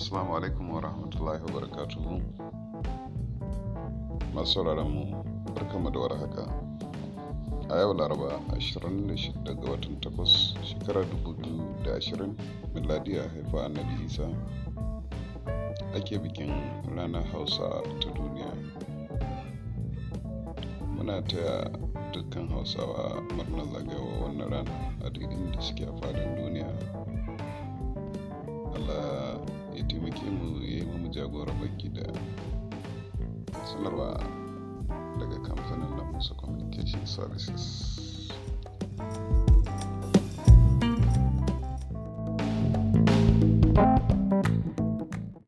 Assalamu alaikum wa rahmatullahi wa barakatuhu. Masu sauraron mu barkamu da haka A yau Laraba 26 ga watan 8 shekarar 2020 miladiya haifa annabi Isa ake bikin ranar Hausa ta duniya. Muna taya dukkan Hausawa murnar zagayowa wannan rana a daidai da suke a fadin jagoran gida da sanarwa daga kamfanin lamusa communication services